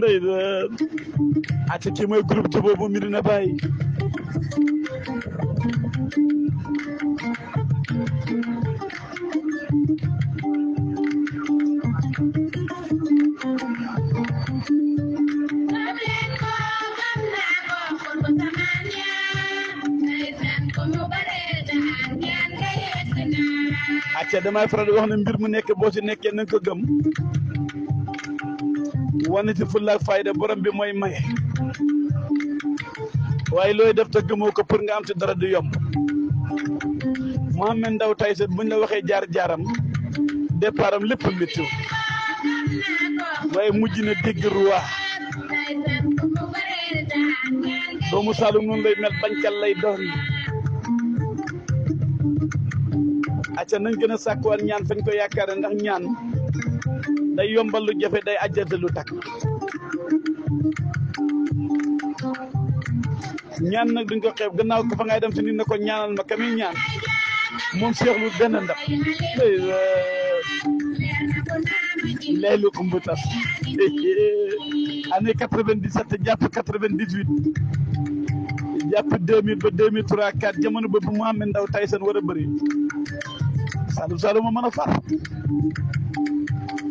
Daidai a cikin mai grup tubobin miri na bayi. Como para wàccee damay faral di wax ne mbir mu nekk boo ci nekkee na nga ko gëm wane ci fulla fayda borom bi mooy maye waaye looy def te gëmoo ko pour nga am si dara du yomb ndaw Ndao Tyson buñ la waxee jaar jaaram départ lépp métti waaye mujj na dégg ruwaa doomu Saalum noonu lay mel bañkat lay doon. acca nañ gëna a sàkkuwaat ñaan fañ ko yaakaare ndax ñaan day yombal lu jafe day ajjate lu tak ñaan nak duñ ko xeeb gënaaw ko fa ngay dem si nit ne ñaanal ma kami ñaan moom seexlu benn ndam laylu kumbu tas année 97 japp 98 japp 2000 ba 2003 4 jamono bobu mohammed Ndaw tayson wara beuri Saalum Saalum a mën a far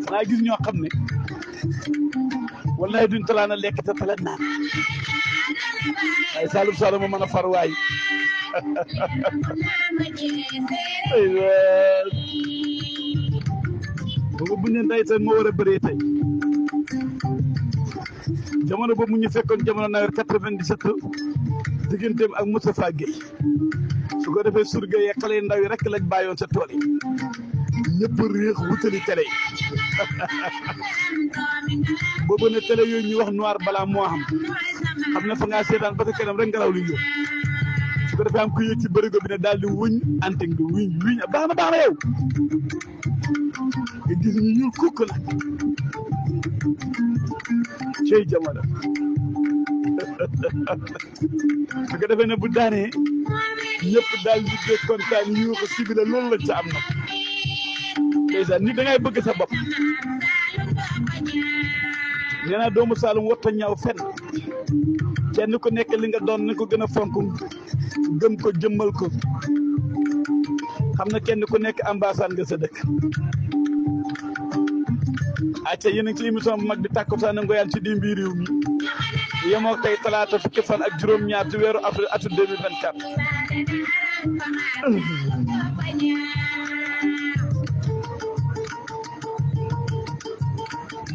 xanaa gis ñoo xam ne wallaay duñ talaan a lekk te talaan naan waaye Saalum Saalum a mën a far waay aywa boobu bu ñu day tey moo war a bëree tey jamono boobu mu ñu fekkoon jamono nawet quatre-vingt-dix-sept digganteem ak Moustapha Guèye su ko defee surga ya xale yu ndaw yi rek lañ bàyyoon sa tool yi ñëpp réex wutali télé yi boobu ne télé yooyu ñuy wax noir balaa moo xam xam ne fa ngaa seetaan ba sa kanam rek ngelaw li ñëw su ko defee am ku yëg ci bërigo bi ne daal di wuñ antenne bi wuñ wuñ baax na baax na yow nga gis ñu ñuul kukk nag cey jamono su ko defee ne bu daanee ñëpp daal di dégg kontaan ñu ko si loolu lañ sa am nag ndeysaan nit da bëgg sa bopp nee naa doomu Saalum warta ñaaw fenn kenn ku nekk li nga doon nañ ko gën a fonk gëm ko jëmmal ko xam na kenn ku nekk ambassade nga sa dëkk acca yéen a ngi bu mag bi tàkkusaan ngoyaan ci dimbi réew mi yemoo tey talaata fukki fan ak juróom-ñaar ci weeru avril atum 2024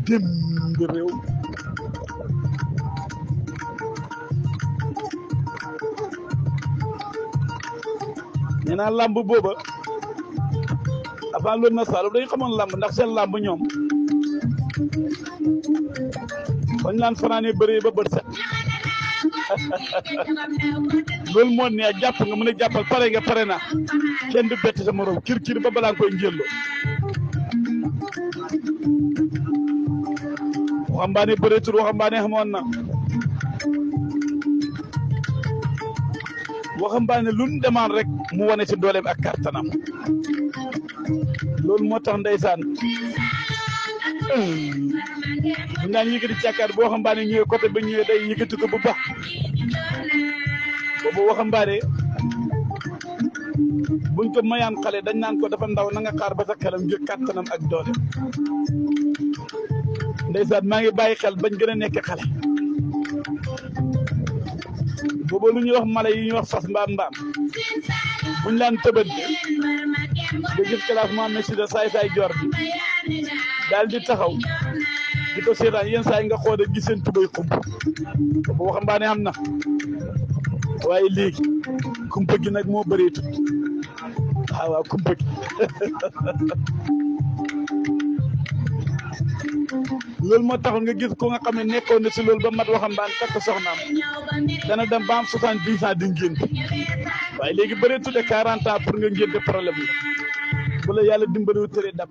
démb réew ñu làmb booba avant loolu na saalum dañu xamoon làmb ndax seen làmb ñoom bañ naan fanaane bëree ba bët set loolu moo ne jàpp nga mën a jàppal pare nga pare na kenn du bett sa morom kir kir ba balaa nga koy njëlloo waxambaane bëreetul waxambaane xamoon na waxambaane lu mu demaan rek mu wane ci dooleem ak kartanam loolu moo tax ndeysaan ñu naan yëkkati càkkaar boo waxambaane ñëwee côté ba ñëwee day yëkkati ko bu baax boobu waxambaane buñ ko mayaan xale dañ naan ko dafa ndaw na nga xaar ba sa xelam jël kàttanam ak doole ndeysaan maa ngi bàyyi xel bañ gën a nekk xale booba lu ñuy wax mala yu ñuy wax fas mbaam mbaam buñ laan tëbët nga gis classement Messi da saay saay jor bi daal di taxaw di ko seetaan yenn saa yi nga xool gis seen tubay xub waxambaane am na waaye léegi kumpa nag moo bëree tut ah waaw kumpa loolu moo taxoon nga gis ko nga xam ne nekkoon na si loolu ba mat waxambaane takk soxnaam. dana dem baam am soixante dix ans di ngénte waaye léegi bëreetul de quarante ans pour nga ngénte problème la bu la yàlla dimbaliwu tëree dab